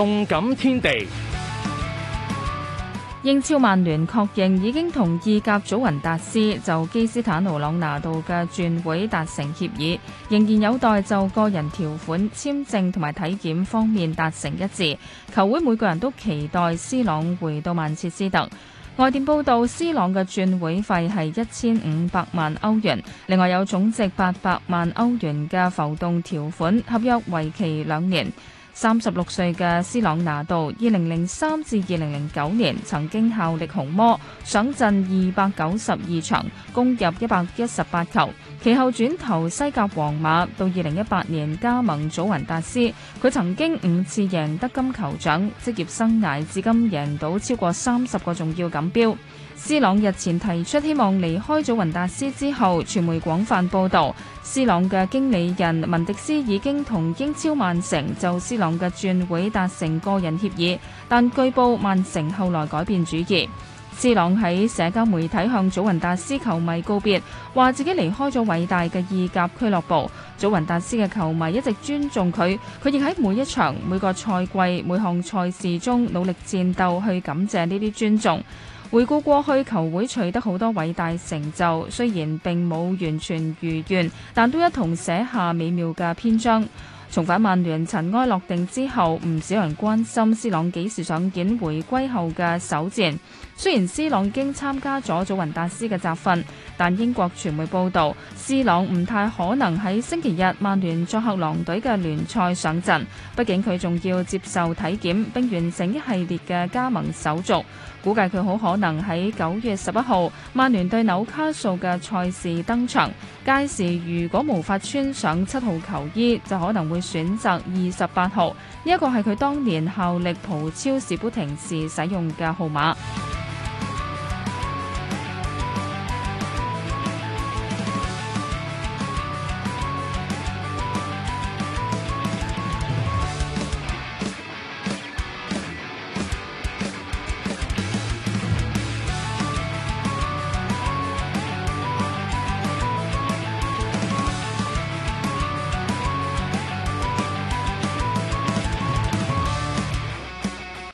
動感天地。英超曼聯確認已經同意甲祖雲達斯就基斯坦奴·朗拿度嘅轉會達成協議，仍然有待就個人條款、簽證同埋體檢方面達成一致。球會每個人都期待 C 朗回到曼徹斯特。外電報道，C 朗嘅轉會費係一千五百萬歐元，另外有總值八百萬歐元嘅浮動條款，合約為期兩年。三十六歲嘅 C 朗拿度，二零零三至二零零九年曾經效力紅魔，上陣二百九十二場，攻入一百一十八球。其後轉投西甲皇馬，到二零一八年加盟祖雲達斯。佢曾經五次贏得金球獎，職業生涯至今贏到超過三十個重要錦標。C 朗日前提出希望離開祖雲達斯之後，傳媒廣泛報導。C 朗嘅經理人文迪斯已經同英超曼城就 C 朗嘅轉會達成個人協議，但據報曼城後來改變主意。C 朗喺社交媒體向祖雲達斯球迷告別，話自己離開咗偉大嘅意甲俱樂部。祖雲達斯嘅球迷一直尊重佢，佢亦喺每一場、每個賽季、每項賽事中努力戰鬥去感謝呢啲尊重。回顧過去，球會取得好多偉大成就，雖然並冇完全如願，但都一同寫下美妙嘅篇章。重返曼聯塵埃落定之後，唔少人關心 C 朗幾時上陣回歸後嘅首戰。雖然 C 朗已經參加咗祖雲達斯嘅集訓，但英國傳媒報道，C 朗唔太可能喺星期日曼聯作客狼隊嘅聯賽上陣。畢竟佢仲要接受體檢並完成一系列嘅加盟手續，估計佢好可能喺九月十一號曼聯對紐卡素嘅賽事登場。屆時如果無法穿上七號球衣，就可能會選擇二十八號，呢一個係佢當年效力葡超史波廷時使用嘅號碼。